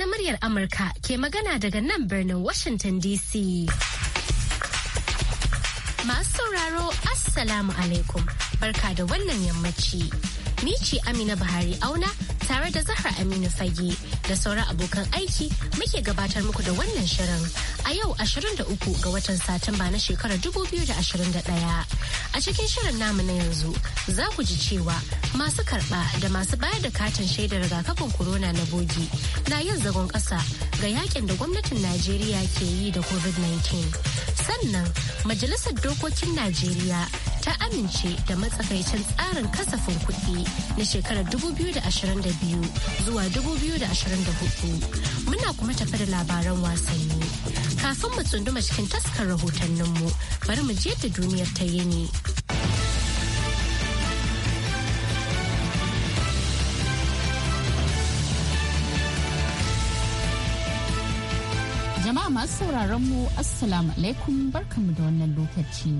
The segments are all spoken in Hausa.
na muryar Amurka ke magana daga nan birnin Washington DC. Masu sauraro Assalamu alaikum barka da wannan yammaci. Ni ce Amina Buhari auna tare da Zahra Aminu Fage da sauran abokan aiki muke gabatar muku da wannan shirin a yau 23 ga watan Satumba na shekarar 2021. A cikin shirin namu na yanzu za ku ji cewa masu karɓa da masu bayar da katin shaidar rigakafin corona na bogi na yin zagon ƙasa ga yakin da gwamnatin Najeriya ke yi da COVID-19. Sannan Majalisar Dokokin Najeriya ta amince da matsakaicin tsarin kasafin kuɗi na shekarar 2022 biyu zuwa dubu biyu da ashirin da hudu muna kuma tafi da labaran wasanni kafin mu tsunduma cikin taskar rahotanninmu bari mu je da duniyar ta yini. Jama'a masu sauraron mu Assalamu alaikum barkamu da wannan lokaci.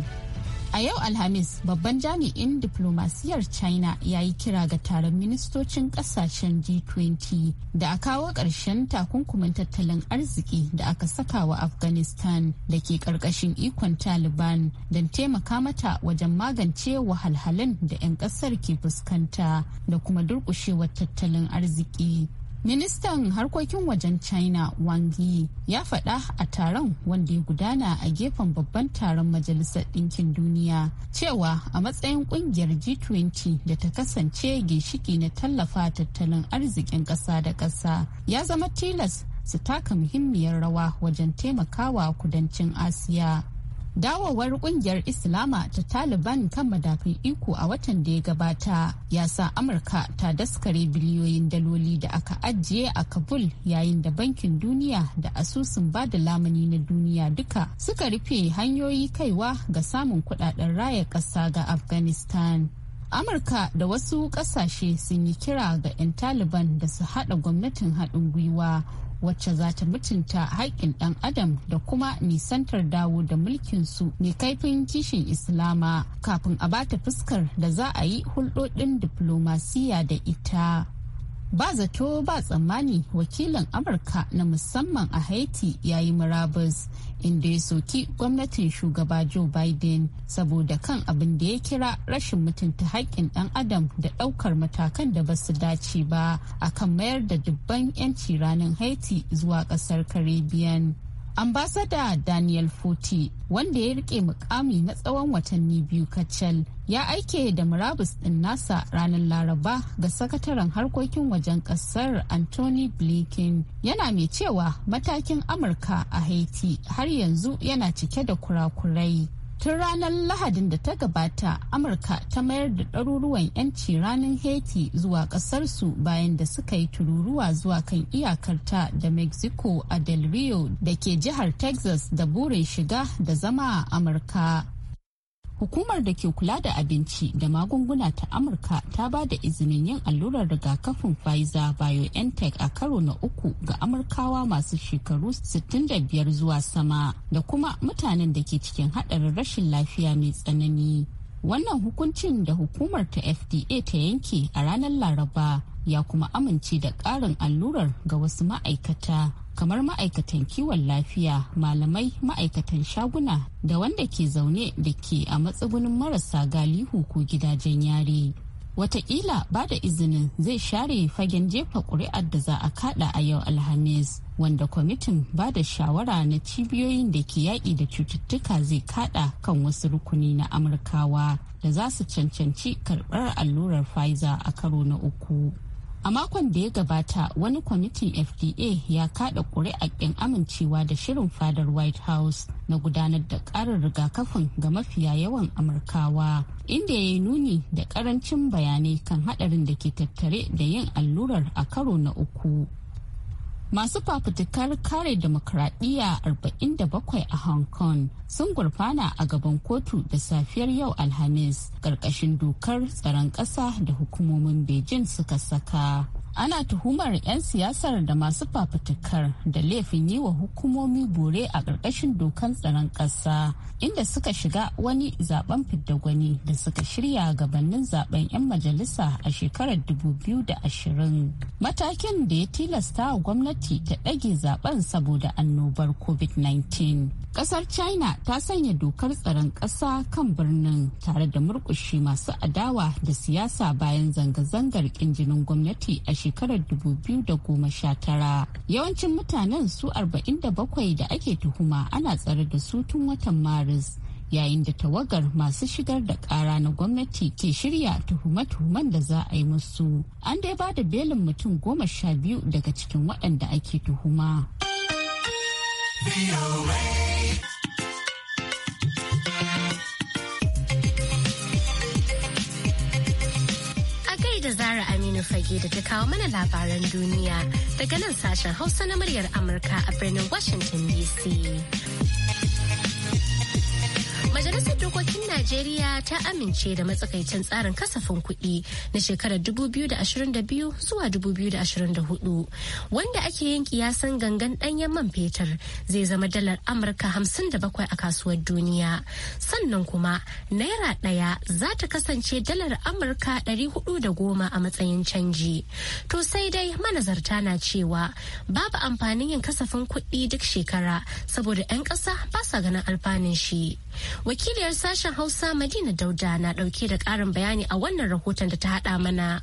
A yau Alhamis babban jami'in diplomasiyar China ya yi kira ga taron ministocin kasashen G20 da a kawo ƙarshen takunkumin tattalin arziki da aka saka wa Afghanistan da ke ƙarƙashin ikon Taliban don taimaka mata wajen magance wahalhalun da 'yan ƙasar ke fuskanta da kuma durƙushewar tattalin arziki. Ministan harkokin wajen China Wang Yi ya faɗa a taron wanda ya gudana a gefen babban taron Majalisar Ɗinkin Duniya cewa a matsayin ƙungiyar G20 da ta kasance ginshiki na tallafa tattalin arzikin ƙasa da ƙasa ya zama tilas su taka muhimmiyar rawa wajen taimakawa kudancin Asiya. Dawowar kungiyar Islama ta Taliban kan madafin iko a watan da ya gabata ya sa Amurka ta daskare biliyoyin daloli da aka ajiye a Kabul yayin da Bankin Duniya da asusun ba da lamuni na duniya duka suka rufe hanyoyi kaiwa ga samun kudaden raya ƙasa ga Afghanistan. Amurka da wasu ƙasashe sun yi kira ga 'yan Taliban da su haɗa gwamnatin haɗin gwiwa wacce za ta mutunta haƙƙin ɗan adam da kuma nisantar dawo da mulkin su mai kaifin kishin islama kafin a bata fuskar da za a yi hulɗoɗin diflomasiyya da ita. ba zato ba tsammani wakilin amurka na musamman a haiti ya yi murabus inda ya soki gwamnatin shugaba joe biden saboda kan abin da ya kira rashin mutunta haƙƙin ɗan adam da ɗaukar matakan da ba su dace ba akan mayar da dubban 'yanci ranar haiti zuwa ƙasar caribbean ambasada daniel foti wanda ya rike mukami na tsawon watanni biyu kacal ya aike da murabus din nasa ranar laraba ga sakataren harkokin wajen kasar anthony blinken yana mai cewa matakin amurka a haiti har yanzu yana cike da kurakurai tun ranar lahadin da ta gabata amurka ta mayar da ɗaruruwan 'yanci ranar haiti zuwa ƙasarsu bayan da suka yi tururuwa zuwa kan iyakarta da mexico a del rio da ke jihar texas da burin shiga da zama a amurka hukumar da ke kula da abinci da magunguna ta amurka ta ba da izinin yin allurar rigakafin pfizer biontech a karo na uku ga amurkawa masu shekaru 65 zuwa sama da kuma mutanen da ke cikin haɗarin rashin lafiya mai tsanani wannan hukuncin da hukumar ta fda ta yanke a ranar laraba ya kuma amince da ƙarin allurar ga wasu ma'aikata kamar ma'aikatan kiwon lafiya malamai ma'aikatan shaguna da wanda ke zaune da ke a matsugunin marasa galihu ko gidajen yare watakila ba da izinin zai share fagen jefa kuri'ar da za a kada a yau alhamis wanda kwamitin ba da shawara na cibiyoyin da ke yaƙi da cututtuka zai kada kan wasu rukuni na amurkawa da za su cancanci karɓar allurar pfizer a karo na uku A makon da ya gabata wani kwamitin FDA ya kada ƙuri'ar ƙin amincewa da shirin fadar White House na gudanar da ƙarin rigakafin ga mafiya yawan Amurkawa, inda ya yi nuni da ƙarancin bayanai kan haɗarin da ke tattare da yin allurar a karo na uku. masu fafutukar kare demokradiyya 47 a hong kong sun gurfana a gaban kotu da safiyar yau alhamis ƙarƙashin dokar tsaron ƙasa da hukumomin beijing suka saka ana tuhumar 'yan siyasar da masu fafutukar da laifin yi wa hukumomi bore a ƙarƙashin dokan tsaron ƙasa inda suka shiga wani zaben gwani da suka shirya gabanin zaben 'yan majalisa a shekarar 2020 matakin da ya tilasta wa gwamnati ta ɗage zaben saboda annobar covid-19 ƙasar china ta sanya dokar tsaron ƙasa kan birnin tare da murƙushi masu adawa da siyasa bayan zanga-zangar ƙinjinin gwamnati a shekarar 2019 yawancin mutanen su 47 da ake tuhuma ana tsare da su tun watan maris yayin da tawagar masu shigar da ƙara na gwamnati ke shirya tuhume-tuhumen da za a yi musu an dai ba da belin mutum goma sha biyu daga cikin waɗanda ake tuhuma. Birnin Fage da ta kawo mana labaran duniya daga nan sashen Hausa na muryar Amurka a birnin Washington DC. Majalisar Dokokin Najeriya ta amince da matsakaicin tsarin kasafin kuɗi na shekarar 2022 zuwa 2024 wanda ake yin kiyasan gangan ɗanyen man fetur zai zama dalar Amurka 57 a kasuwar duniya. Sannan kuma naira ɗaya za ta kasance dalar Amurka 410 a matsayin canji. To sai dai manazarta na cewa babu amfanin yin kasafin kuɗi duk shekara saboda 'yan ƙasa ba sa ganin alfanun shi. Wakiliyar sashen Hausa Madina Dauda na dauke da ƙarin bayani a wannan rahoton da ta haɗa mana.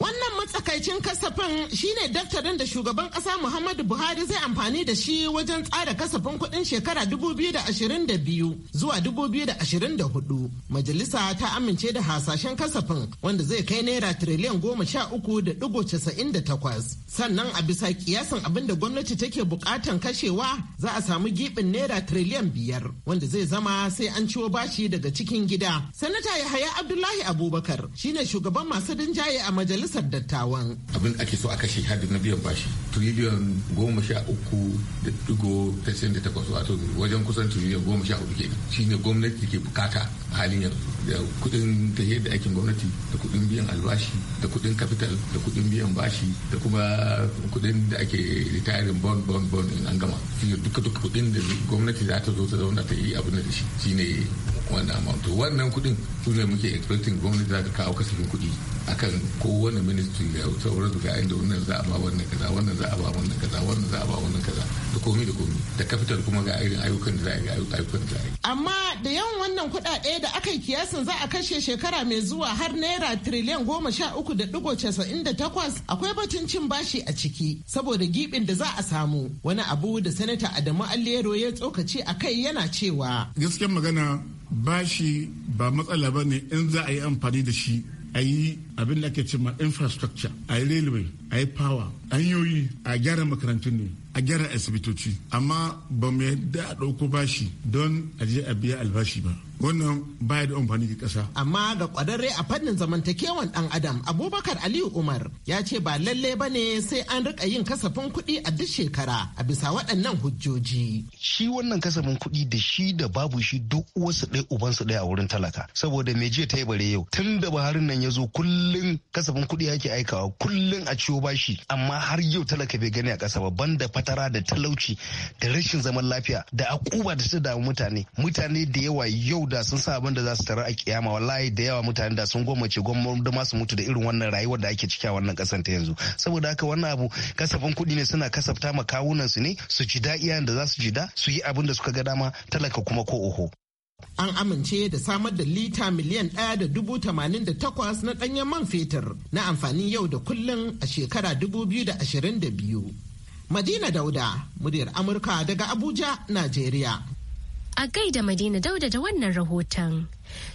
Wannan matsakaicin kasafin shine daftarin da shugaban kasa Muhammadu Buhari zai amfani da shi wajen tsara kasafin kuɗin shekara 2022 zuwa 2024. Majalisa ta amince da hasashen kasafin wanda zai kai naira tiriliyan goma sha uku da digo casa'in da takwas. Sannan a bisa kiyasan abin da gwamnati take bukatan kashewa za a samu gibin naira tiriliyan biyar wanda zai zama sai an ciwo bashi daga cikin gida. Sanata Yahaya Abdullahi Abubakar shine shugaban masu rinjaye a majalisa majalisar dattawan. Abin ake so a kashe hadin na biyan bashi tiriliyon goma sha uku da digo tasirin da takwas wato wajen kusan tiriliyon goma sha hudu kenan ne gwamnati ke bukata a halin yanzu da kudin ta da aikin gwamnati da kudin biyan albashi da kudin capital da kudin biyan bashi da kuma kudin da ake retiring bond bond bond in an gama shine duka duka kudin da gwamnati za ta zo ta zauna ta yi abin da shi shi ne. wannan amount wannan kudin su ne muke expecting gwamnati za ta kawo kasafin kudi akan kowane ministry da sauran ga inda wannan za a ba wannan kaza wannan za a ba wannan kaza wannan za a ba wannan kaza da komi da komi da capital kuma ga irin ayyukan da za a yi ayyukan da za a yi amma da yawan wannan kudade da aka yi kiyasin za a kashe shekara mai zuwa har naira tiriliyan goma sha uku da digo casa'in da takwas akwai batun cin bashi a ciki saboda gibin da za a samu wani abu da sanata adamu alliyaro ya tsokaci a kai yana cewa gaskiyar magana bashi ba matsala ba ne in za a yi amfani da shi a yi abin da ake cima infrastructure a yi railway a yi power hanyoyi a gyara makarantun ne a gyara asibitoci amma ba mu yadda a ɗauko bashi don a je a biya albashi ba wannan baya da amfani ga ƙasa. Amma ga ƙwararre a fannin zamantakewan ɗan Adam Abubakar Aliyu Umar ya ce ba lalle ba ne sai an rika yin kasafin kuɗi a duk shekara a bisa waɗannan hujjoji. Shi wannan kasafin kuɗi da shi da babu shi duk wasu ɗaya ubansa ɗaya a wurin talaka saboda me jiya ta yi bare yau tun da Buhari nan ya zo kullum kasafin kuɗi ake aikawa kullum a ciwo bashi amma har yau talaka bai gani a ƙasa ba banda fatara da talauci da rashin zaman lafiya da akuba da su damu mutane mutane da yawa yau da sun sa abin da za su tarar a kiyama wallahi da yawa mutane da sun ce gwamnati masu masu mutu da irin wannan rayuwar da ake ciki a wannan kasan ta yanzu saboda haka wannan abu kasafin kuɗi ne suna kasafta ma kawunan su ne su ji da iyayen da za su ji da su yi abin da suka ga dama talaka kuma ko oho An amince da samar da lita miliyan ɗaya da dubu tamanin da takwas na ɗanyen man fetur na amfanin yau da kullum a shekara dubu biyu da ashirin da biyu. Madina Dauda, muryar Amurka daga Abuja, Najeriya. A gaida Madina Dauda da wannan rahoton.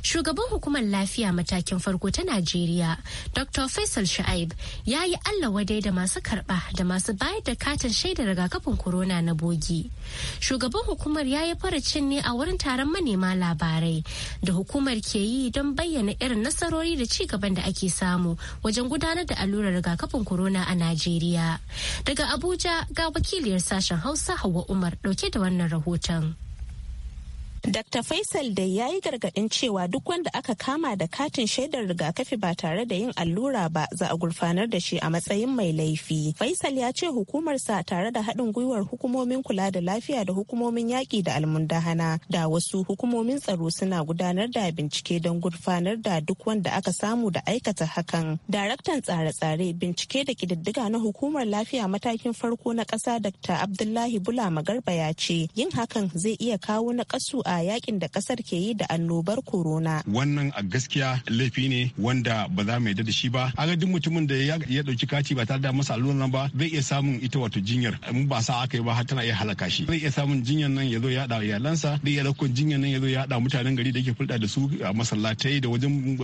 Shugaban hukumar lafiya matakin farko ta Najeriya, Dr. Faisal Sha'ib, ya yi Allah wadai da masu karɓa da masu bayar da katin shaidar rigakafin corona na bogi. Shugaban hukumar ya yi faracin ne a wurin taron manema labarai da hukumar ke yi don bayyana irin nasarori da ci gaban da ake samu wajen gudanar da allurar rigakafin corona a Najeriya. Daga Abuja ga wakiliyar sashen Hausa Hauwa Umar ɗauke da wannan rahoton. Dr. Faisal da ya yi gargaɗin cewa duk wanda aka kama da katin shaidar rigakafi ba tare da yin allura ba za a gurfanar da shi a matsayin mai laifi. Faisal ya ce hukumarsa tare da haɗin gwiwar hukumomin kula da lafiya da hukumomin yaƙi da almundahana da wasu hukumomin tsaro suna gudanar da bincike don gurfanar da duk wanda aka samu da aikata hakan. Daraktan tsare-tsare bincike da ƙididdiga na hukumar lafiya matakin farko na ƙasa Dr. Abdullahi Bula Magarba ya ce yin hakan zai iya kawo na ƙasu a a yakin da kasar ke yi da annobar corona. Wannan a gaskiya laifi ne wanda ba za mu yarda da shi ba. ga duk mutumin da ya dauki kati ba tare da masa allurar nan ba zai iya samun ita wato jinyar. Mu ba sa aka yi ba har tana iya halaka shi. Zai iya samun jinyar nan ya zo ya da iyalansa, zai iya dauko jinyar nan ya zo ya da mutanen gari da yake fulɗa da su a masallatai da wajen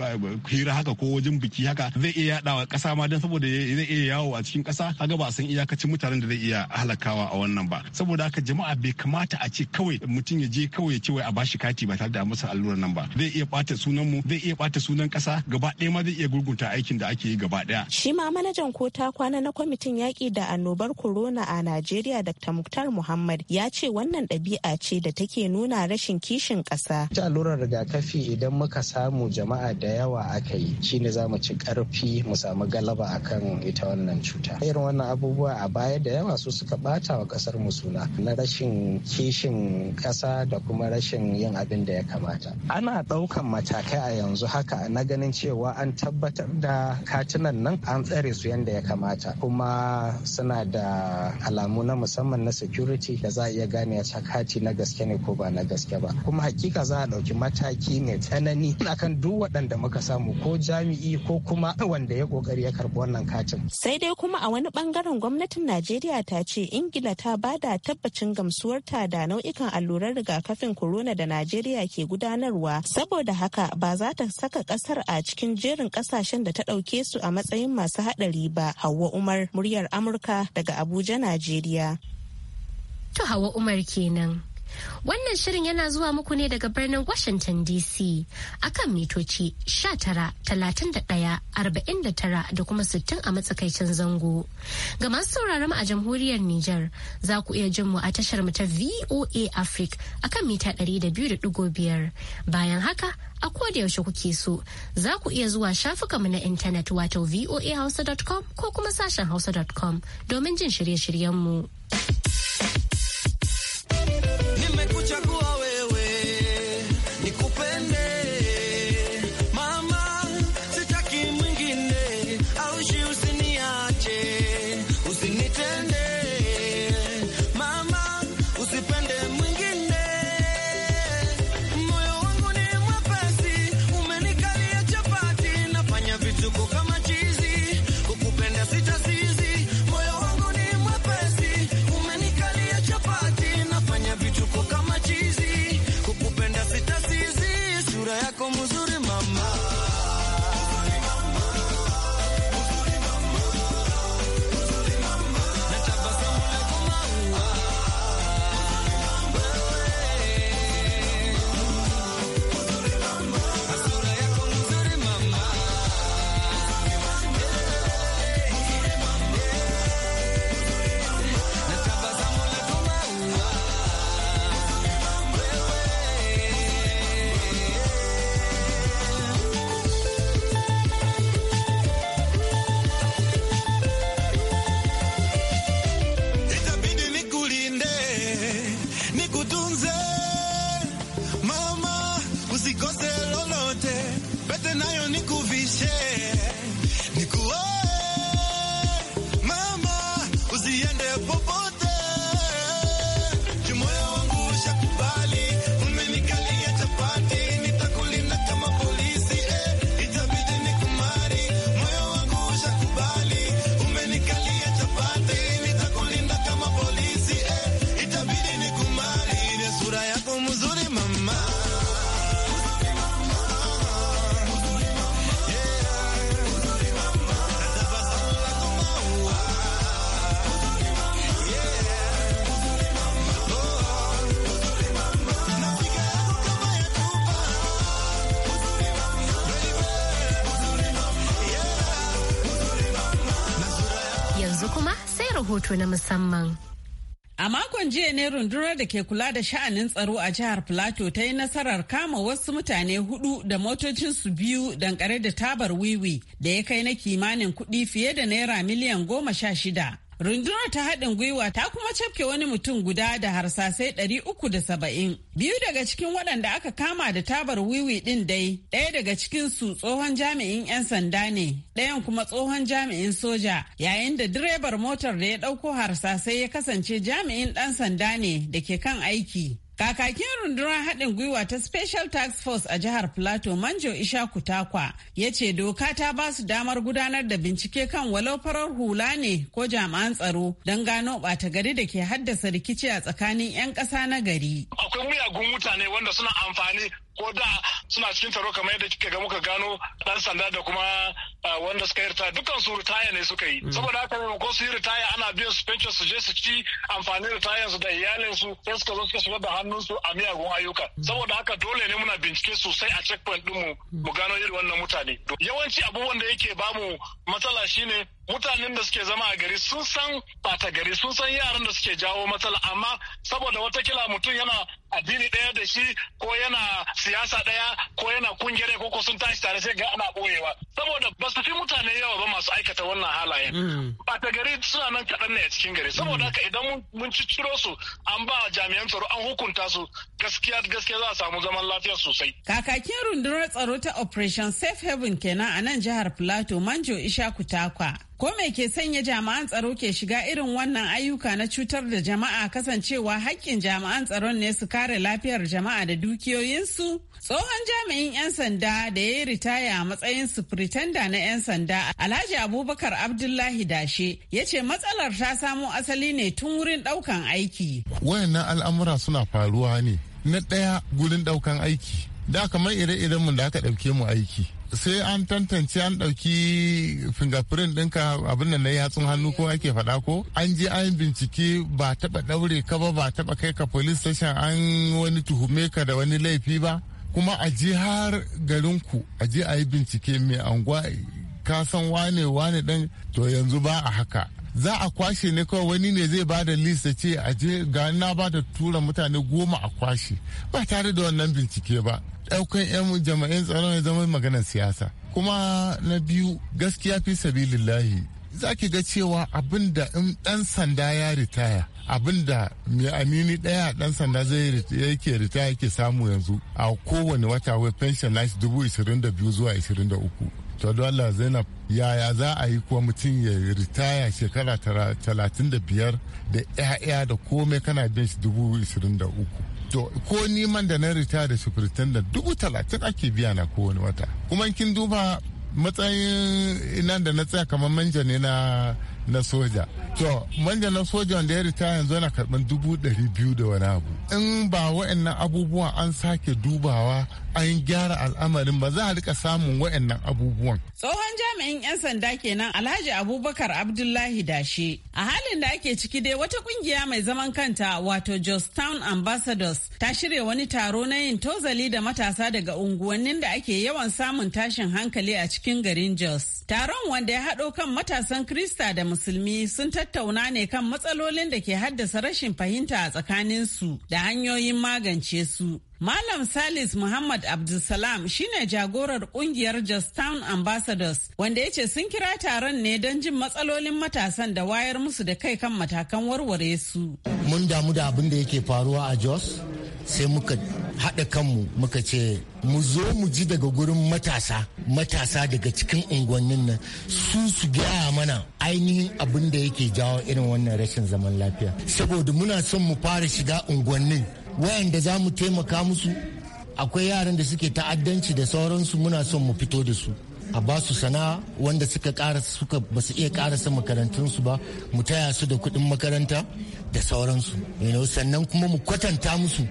hira haka ko wajen biki haka zai iya wa kasa ma don saboda zai iya yawo a cikin kasa kaga ba san iyakacin mutanen da zai iya halakawa a wannan ba. Saboda haka jama'a bai kamata a ce kawai mutum ya je kawai ya ce kawai a bashi kati ba tare da masa allurar nan ba zai iya bata sunan mu zai iya bata sunan kasa gaba ɗaya ma zai iya gurgunta aikin da ake yi gaba ɗaya shi ma manajan kota kwana na kwamitin yaƙi da annobar corona a Najeriya Dr. Muktar Muhammad ya ce wannan ɗabi'a ce da take nuna rashin kishin ƙasa ta allurar rigakafi idan muka samu jama'a da yawa aka yi shine za mu ci ƙarfi mu samu galaba akan ita wannan cuta irin wannan abubuwa a baya da yawa su suka bata wa ƙasar mu suna na rashin kishin ƙasa da kuma rashin rashin yin abin da ya kamata ana ɗaukan matakai a yanzu haka na ganin cewa an tabbatar da katunan nan an tsare su yadda ya kamata kuma suna da alamu na musamman na security da za a iya gane a kati na gaske ne ko ba na gaske ba kuma hakika za a ɗauki mataki mai tsanani akan duk waɗanda muka samu ko jami'i ko kuma wanda ya ƙoƙari ya karɓi wannan katin sai dai kuma a wani ɓangaren gwamnatin najeriya ta ce ingila ta bada tabbacin gamsuwarta da nau'ikan allurar rigakafin corona corona da Najeriya ke gudanarwa saboda haka ba za ta saka kasar a cikin jerin kasashen da ta ɗauke su a matsayin masu haɗari ba. Hauwa Umar muryar Amurka daga Abuja, Najeriya. To Hauwa Umar kenan. Wannan shirin yana zuwa muku ne daga birnin Washington DC a kan mitoci talatin da kuma 60 a matsakaicin zango. Ga masu sauraron a jamhuriyar Nijar za ku iya jin mu a tashar mu ta VOA Africa a kan mita 200.5. Bayan haka a koda yaushe kuke so za ku iya zuwa mu na intanet wato voahausa.com ko kuma sashen hausa.com domin jin shirye-shiryenmu. mu. rahoto na musamman. A makon jiya ne rundunar da ke kula da sha'anin tsaro a jihar Plateau ta yi nasarar kama wasu mutane hudu da motocinsu biyu dankare da tabar wiwi da ya kai na kimanin kuɗi fiye da naira miliyan goma sha shida. rundunar ta haɗin gwiwa ta kuma cafke wani mutum guda da harsasai 370 biyu daga cikin waɗanda aka kama da tabar wiwi ɗin dai ɗaya daga cikin su tsohon jami'in 'yan sanda ne ɗayan kuma tsohon jami'in soja yayin da direbar motar da ya ɗauko harsasai ya kasance jami'in ɗan sanda ne da ke kan aiki Kakakin rundunar haɗin gwiwa ta Special Task Force a jihar Plateau Manjo Ishaku Takwa ya ce doka ta ba su damar gudanar da bincike kan walau farar hula ne ko jami'an tsaro don gano ɓata gari da ke haddasa rikici a tsakanin 'yan ƙasa na gari. Akwai miyagun mutane wanda suna amfani ko da suna cikin taro kamar yadda kika ga muka gano dan sanda da kuma wanda suka yi ritaya dukkan su ritaya ne suka yi mm. saboda haka ne ko su yi ritaya ana biyan su pension su je su ci amfani ritayan su da iyalin su sai suka zo suka shiga da hannun su a miyagun ayyuka mm. saboda haka dole ne muna bincike sosai a checkpoint din mu mu mm. gano irin wannan mutane yawanci abubuwan da yake bamu matsala shine mutanen da suke zama a gari sun san bata gari sun san yaran da suke jawo matsala amma saboda watakila mutum yana addini ɗaya da shi ko yana siyasa ɗaya ko yana kungiyar ko sun tashi tare sai ga ana ɓoyewa saboda ba su fi mutane yawa ba masu aikata wannan halayen bata mm. gari suna nan kaɗan ne a cikin gari saboda mm. haka idan mun cicciro su an ba jami'an tsaro an hukunta su gaskiya gaskiya za a samu zaman lafiya sosai kakakin rundunar tsaro ta operation safe haven kenan a nan jihar plateau manjo ishaku takwa Ko me ke sanya jama'an tsaro ke shiga irin wannan ayyuka na cutar da jama'a kasancewa hakkin jama'an tsaron ne su kare lafiyar jama'a da dukiyoyinsu? Tsohon jami'in 'yan sanda da ya yi ritaya a matsayin superintenda na 'yan sanda Alhaji Abubakar Abdullahi Dashe ya ce matsalar ta samo asali ne tun wurin ɗaukan aiki. Wayannan al'amura suna faruwa ne na ɗaya gurin ɗaukan aiki. Da kamar ire-irenmu da aka ɗauke mu aiki. sai an tantance an ɗauki fingerprint ɗinka abin da na yatsun hannu ko ake faɗa ko an je an bincike ba taɓa ɗaure ka ba ba taɓa kai ka police station an wani tuhume ka da wani laifi ba kuma a je har garin ku a je a yi bincike mai anguwa ka san wane wane dan to yanzu ba a haka za a kwashe ne kawai wani ne zai ba da lista ce a je ga na ba bada tura mutane goma a kwashe ba tare da wannan bincike ba ɗaukan 'yan jama'in tsaron ya zama maganar siyasa kuma na biyu gaskiya fi sabilillahi za ki ga cewa abin da in ɗan sanda ya ritaya abin da mai amini ɗaya ɗan sanda zai yake ritaya yake samu yanzu a kowane wata wai pension nashi dubu ishirin da biyu zuwa ishirin da uku to dole zainab yaya za a yi kuwa mutum ya ritaya shekara talatin da biyar da 'ya'ya da komai kana bin shi dubu ishirin da uku to ko niman da na rita da da dubu talatin ake biya na kowane wata kuma kin duba matsayin nan da na tsaya kamar manja ne na na soja to manja na soja wanda ya rita yanzu yana karɓar dubu ɗari biyu da wani abu in ba wa'annan abubuwa an sake dubawa an gyara al'amarin ba za a rika samun wa'annan abubuwan. Tsohon jami'in 'yan sanda kenan Alhaji Abubakar Abdullahi Dashe. A halin da ake ciki dai wata kungiya mai zaman kanta wato Town Ambassadors ta shirya wani taro na yin tozali da matasa daga unguwannin da ake yawan samun tashin hankali a cikin garin Jos. Taron wanda ya haɗo kan matasan Krista da Musulmi sun tattauna ne kan matsalolin da ke haddasa rashin fahimta a tsakaninsu da hanyoyin magance su. Malam Salis Muhammad Abdulsalam shine jagorar kungiyar Just Town Ambassadors wanda yace sun kira taron ne don jin matsalolin matasan da wayar musu da kai kan matakan warware su. Mun damu da abin da yake faruwa a Jos sai muka haɗa kanmu muka ce mu zo mu ji daga gurin matasa matasa daga cikin unguwannin nan su su gaya mana ainihin abin da yake jawo irin wannan rashin zaman lafiya saboda muna son mu fara shiga unguwannin wayanda za mu taimaka musu akwai yaran da suke ta'addanci da sauransu muna son mu fito da su a ba su sana'a wanda suka ƙara suka ba su iya karasa makarantunsu ba mu taya su da kuɗin makaranta da sauransu sannan kuma mu kwatanta musu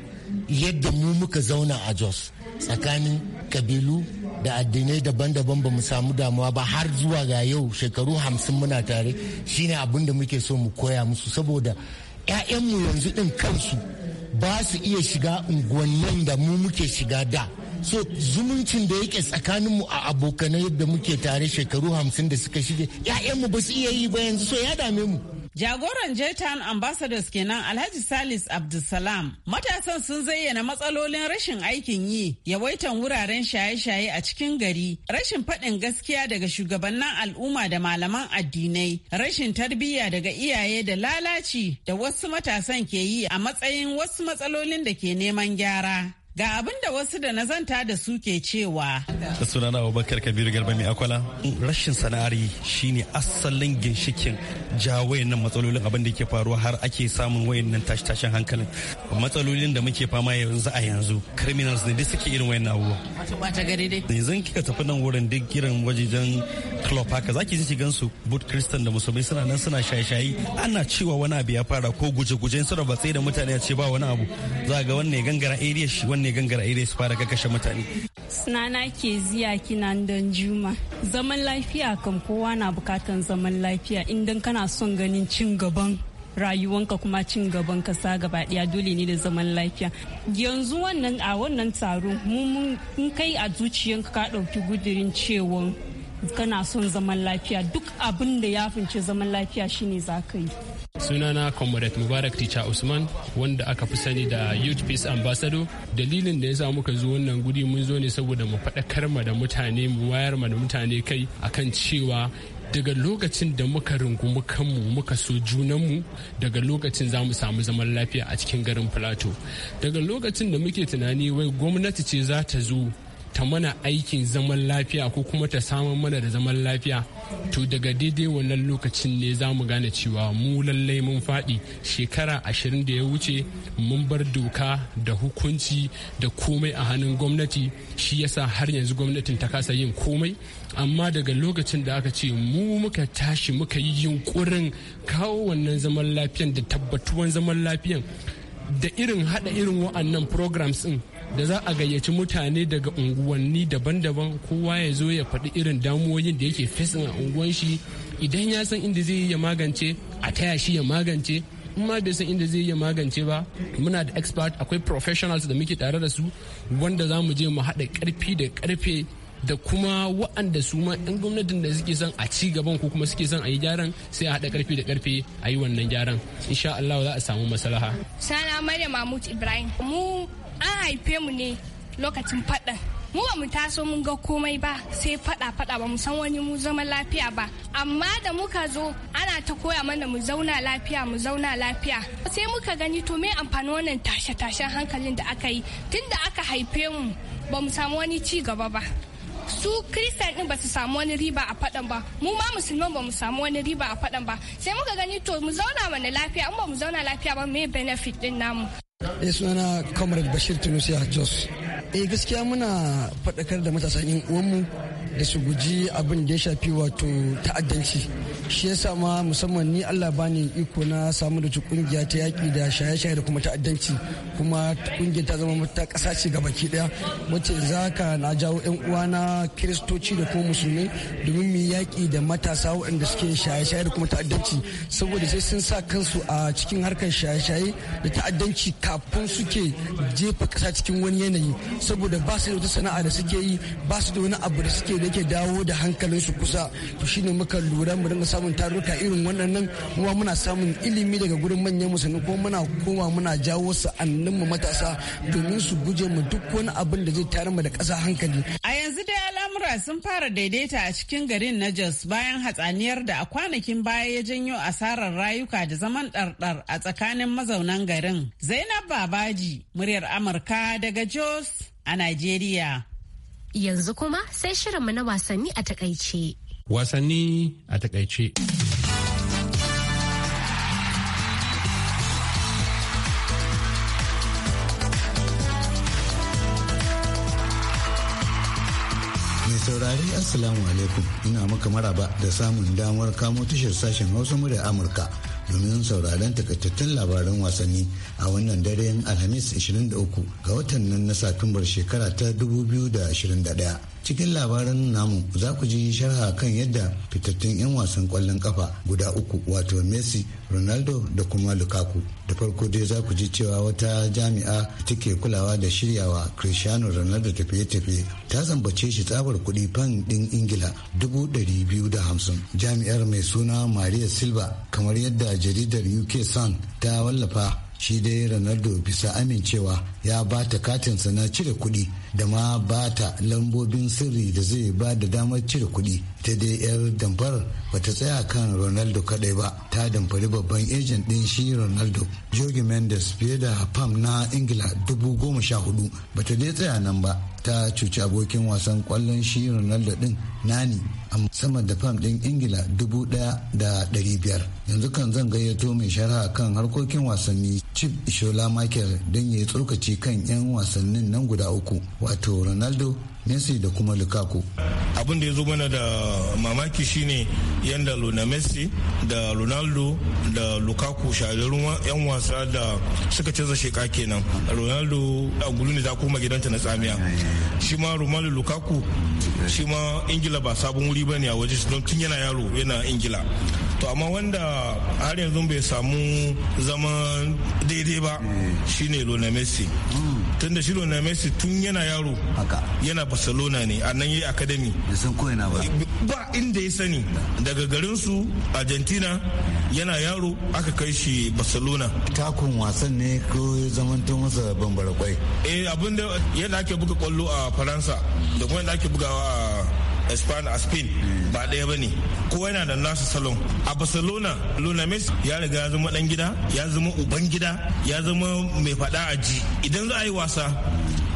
yadda mu muka zauna a jos tsakanin kabilu da addinai daban-daban ba mu samu damuwa ba har zuwa ga yau shekaru hamsin muna tare shine abin da muke so mu koya musu saboda 'ya'yanmu yanzu ɗin kansu ba su iya shiga unguwannin da mu muke shiga da so zumuncin da yake tsakaninmu a abokanai da muke tare shekaru hamsin da suka shige 'ya'yanmu ba su iya yi ba yanzu so ya dame mu Jagoran J-Town Ambassadors kenan Alhaji Salis Abdulsalam. Matasan sun zayyana matsalolin rashin aikin yi, yawaitan wuraren shaye-shaye a cikin gari, rashin faɗin gaskiya daga shugabannin al'umma da malaman addinai, rashin tarbiyya daga iyaye da lalaci da wasu matasan ke yi a matsayin wasu matsalolin da ke neman gyara. Ga abin da wasu da na zanta da su ke cewa. Da sunana Abubakar Kabiru Garba mai akwala. Rashin sana'ar yi shine asalin ginshikin jawayen wayannan matsalolin abin da ke faruwa har ake samun wayannan tashi tashin hankalin. Matsalolin da muke fama yanzu a yanzu criminals ne duk suke irin na abubuwa. Wata gari Yanzu kika tafi nan wurin duk girin wajejen club haka zaki ji gan su boot christian da musulmai suna nan suna shaye-shaye ana cewa wani abu ya fara ko guje-gujen su ba sai da mutane a ce ba wani abu. Za ga wannan ya gangara area shi wannan ne gangara idai su fara kashe mutane sunana ke ziya kinan don juma zaman lafiya kan kowa na bukatan zaman lafiya idan kana son ganin cin gaban rayuwanka kuma cin gaban kasa gaba daya dole ne da zaman lafiya yanzu wannan a wannan taro mun kai a zuciyanka ka ɗauki gudurin cewa kana son zaman lafiya duk abin da ya fince zaman lafiya shine za ka yi sunana comrade mubarak teacher usman wanda aka fi sani da youth peace ambassador dalilin da ya sa muka zo wannan guri mun zo ne saboda mu faɗakar ma da mutane mu wayar ma da mutane kai akan cewa daga lokacin da muka rungumi kanmu muka so junanmu daga lokacin za mu samu zaman lafiya a cikin garin plateau daga lokacin da muke tunani wai gwamnati ce za ta zo ta mana aikin zaman lafiya ko kuma ta samun mana da zaman lafiya to daga daidai wannan lokacin ne za mu gane cewa mu lallai mun faɗi shekara ashirin da ya wuce mun bar doka da hukunci da komai a hannun gwamnati shi yasa har yanzu gwamnatin ta kasa yin komai amma daga lokacin da aka ce mu muka tashi muka yi yunkurin kawo wannan zaman lafiyan da tabbatuwan zaman lafiyan da irin haɗa irin wa'annan programs din da za a gayyaci mutane daga unguwanni daban-daban kowa ya zo ya faɗi irin damuwoyin da yake fesin a unguwan shi idan ya san inda zai yi ya magance a taya shi ya magance in ma bai san inda zai ya magance ba muna da expert akwai professionals da muke tare da su wanda za mu je mu haɗa ƙarfi da ƙarfe da kuma waɗanda su ma 'yan gwamnatin da suke son a ci gaban ko kuma suke son a yi gyaran sai a haɗa ƙarfi da ƙarfe a yi wannan gyaran insha Allah za a samu maslaha sana Maryam Mahmud Ibrahim mu an haife mu ne lokacin faɗan mu ba mu taso mun ga komai ba sai faɗa faɗa ba mu san wani mu zama lafiya ba amma da muka zo ana ta koya mana mu zauna lafiya mu zauna lafiya sai muka gani to me amfani wannan tashe tashen hankalin da aka yi tunda aka haife mu ba mu samu wani ci gaba ba su kristan din ba su samu wani riba a fadan ba mu ma musulman ba mu samu wani riba a fadan ba sai muka gani to mu zauna mana lafiya in ba mu zauna lafiya ba me benefit din namu suna eh, sunana Comrade Bashir a Jos. Eh gaskiya muna faɗakar da matasan yin uwanmu da su guji abin da ya shafi wato ta'addanci shi sa ma musamman ni Allah bani iko na samu da ci kungiya ta yaki da shaye-shaye da kuma ta'addanci kuma kungiyar ta zama ta kasa ce ki daya wacce zaka na jawo yan uwa na kiristoci da kuma musulmi domin mu yaki da matasa waɗanda suke shaye-shaye da kuma ta'addanci saboda sai sun sa kansu a cikin harkar shaye-shaye da ta'addanci kafin suke jefa kasa cikin wani yanayi saboda ba su da wata sana'a da suke yi ba su da wani abu da suke da ke dawo da hankalinsu kusa to shine muka lura mu dinga samun taruka irin waɗannan kuma muna samun ilimi daga gurin manyan musulmi ko muna koma muna jawo sa'annin mu matasa domin su guje mu duk wani abin da zai tare mu da ƙasa hankali. A yanzu dai al'amura sun fara daidaita a cikin garin na Jos bayan hatsaniyar da a kwanakin baya ya janyo asarar rayuka da zaman ɗarɗar a tsakanin mazaunan garin. Zainab Babaji, muryar Amurka daga Jos a Najeriya. Yanzu kuma sai shirinmu na wasanni a takaice. wasanni a takaice. saurari assalamu alaikum ina maka maraba da samun damar kamo tashar sashen hausa murya amurka domin sauraron takaitattun labaran wasanni a wannan dare alhamis 23 ga watan nan na satumbar shekara ta 2021 cikin labaran namu za ku ji sharha kan yadda fitattun 'yan wasan kwallon kafa guda uku wato messi ronaldo da kuma lukaku da farko dai za ku ji cewa wata jami'a take kulawa da shiryawa cristiano ronaldo tafiye-tafiye ta zambace shi tsabar kuɗi fan ɗin ingila dubu ɗari biyu da hamsin jami'ar mai suna maria silva kamar yadda jaridar uk sun ta wallafa shi dai ronaldo bisa amincewa ya ba ta katinsa na cire kuɗi da ma ba ta lambobin sirri da zai ba da damar cire kuɗi ta dai yar damfar ba ta tsaya kan ronaldo kaɗai ba ta damfari babban ejen ɗin shi ronaldo jorge mendes fiye da pam na ingila dubu goma sha hudu ba ta dai tsaya nan ba ta cuci abokin wasan kwallon shi ronaldo ɗin nani a sama da fam ɗin ingila dubu ɗaya da ɗari biyar yanzu kan zan gayyato mai shariha kan harkokin wasanni chip ishola michael don ya yi tsokaci kan 'yan wasannin nan guda uku wato ronaldo messi da kuma lukaku abin da ya zo mana da mamaki shine yadda luna messi da ronaldo da lukaku shahararrun yan wasa da suka canza sheka kenan ronaldo a gudun ne ta koma gidanta na tsamiya shi ma romelu lukaku shi ma ingila ba sabon wuri ba ne a waje don tun yana yaro yana ingila to amma wanda har yanzu bai samu zama daidai ba eh. shine lona messi hmm. tun da shi lona messi tun yana yaro yana barcelona ne a nan yi academy ba inda ya sani daga garinsu argentina yana yaro aka kai shi barcelona takun wasan ne ko zamantar masa bambara kwai eh abinda yadda ake buga kwallo a faransa da kuma yadda ake bugawa a Spain a Spain ba ɗaya ba ne. Kowa yana da nasa salon. A Barcelona, Luna mes ya riga ya zama ɗan gida, ya zama uban gida, ya zama mai faɗa a ji. Idan za a yi wasa,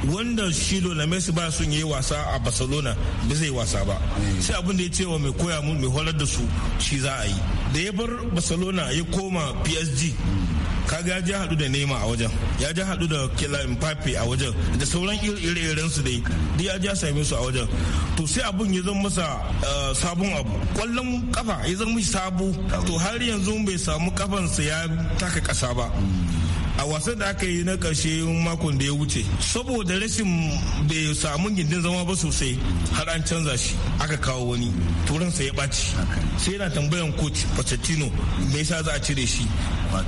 wanda shi luna mes ba sun yi wasa a Barcelona ba zai wasa ba sai abin da ya ce wa mai koya mun mai horar da su shi za a yi da ya bar Barcelona ya koma PSG kaga ya je haɗu da nema a wajen ya je haɗu da kila mbappe a wajen da sauran ire-iren su dai duk ya je same su a wajen to sai abun ya zama masa eh, sabon abu kwallon kafa ya zama sabu to har yanzu bai samu kafansa ya taka ƙasa ba a wasan da aka yi na karshe makon da ya wuce saboda rashin bai samu gindin zama ba sosai har an canza shi aka kawo wani turansa ya ɓaci sai yana tambayan coach pochettino me yasa za a cire shi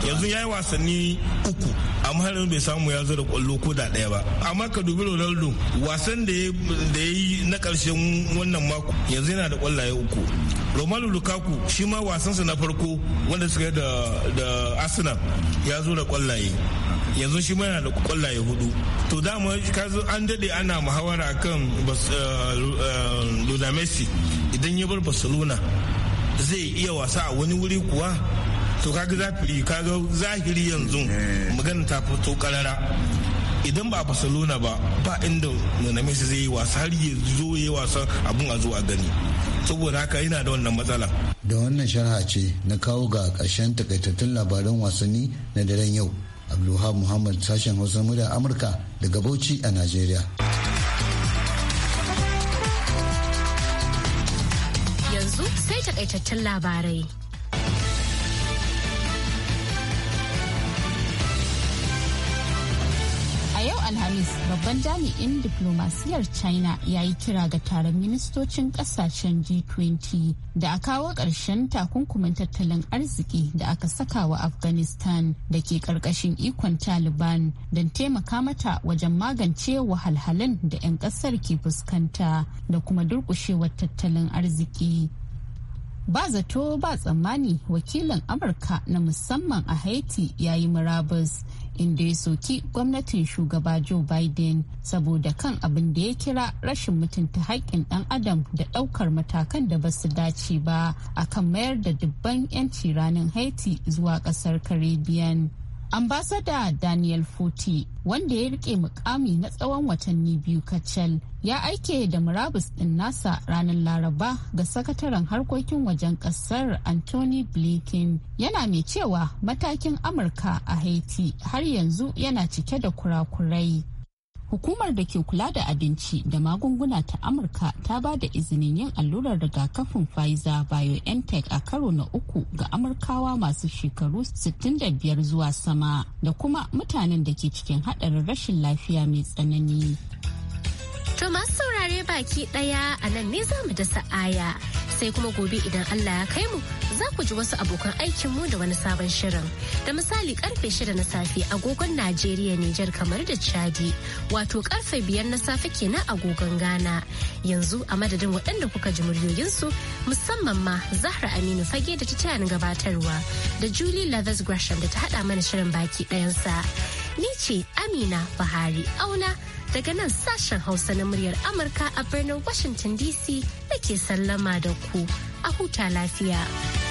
yanzu ya yi wasanni uku amma har bai samu ya zura kwallo ko da ɗaya ba amma ka dubi ronaldo wasan da ya yi na ƙarshen wannan mako yanzu yana da kwallaye uku romelu lukaku shi ma wasansa na farko wanda suka yi da arsenal ya zo da kwallaye yanzu shi mana da kwallaye hudu to dama zo an dade ana muhawara kan eh, eh, luna Messi idan ya bar Barcelona zai iya wasa a wani wuri kuwa to kaga zafiri ga zahiri yanzu eh. magana ta fito karara idan ba a barcelona ba ba inda luna messi zai yi wasa har ya zo ya wasa abun a zo a gani saboda haka yana da wannan matsala da wannan sharha ce na kawo ga ƙarshen takaitattun labaran wasanni na daren yau abdulwahab muhammad sashen hausa murya amurka daga bauchi a najeriya yanzu sai takaitaccen labarai alhamis babban jami'in diplomasiyar china ya yi kira ga taron ministocin kasashen g20 da a kawo ƙarshen takunkumin tattalin arziki da aka saka wa afghanistan da ke ƙarƙashin ikon taliban don taimaka mata wajen magance wahalhalun da 'yan ƙasar ke fuskanta da kuma durƙushewar tattalin arziki ba zato ba tsammani wakilin amurka na musamman a haiti ya yi murabus inda ya soki gwamnatin shugaba Joe Biden saboda kan abin da ya kira rashin mutunta haƙƙin ɗan adam da ɗaukar matakan da ba su dace ba akan mayar da dubban 'yanci ranar Haiti zuwa ƙasar Caribbean. ambasada daniel foti wanda ya rike mukami na tsawon watanni biyu kacal ya aike da murabus din nasa ranar laraba ga sakataren harkokin wajen kasar anthony blinken yana mai cewa matakin amurka a haiti har yanzu yana cike da kurakurai hukumar da ke kula da abinci da magunguna ta amurka ta ba da izinin yin allurar rigakafin pfizer biontech a karo na uku ga amurkawa masu shekaru 65 zuwa sama da kuma mutanen da ke cikin hadarin rashin lafiya mai tsanani To masu saurare baki ɗaya a nan ne za mu da sa'aya sai kuma gobe idan Allah ya kai mu za ku ji wasu abokan aikinmu da wani sabon shirin. Da misali karfe shida na safe agogon Najeriya Nijar kamar da Chadi, wato karfe biyar na safe kenan agogon Ghana. Yanzu a madadin waɗanda kuka ji muryoyinsu musamman ma Zahra Aminu Fage da ta taya gabatarwa da Julie Leathers Gresham da ta haɗa mana shirin baki ɗayansa. Ni ce Amina Buhari auna daga nan sashen Hausa na muryar Amurka a birnin Washington DC da ke sallama da ku a huta lafiya.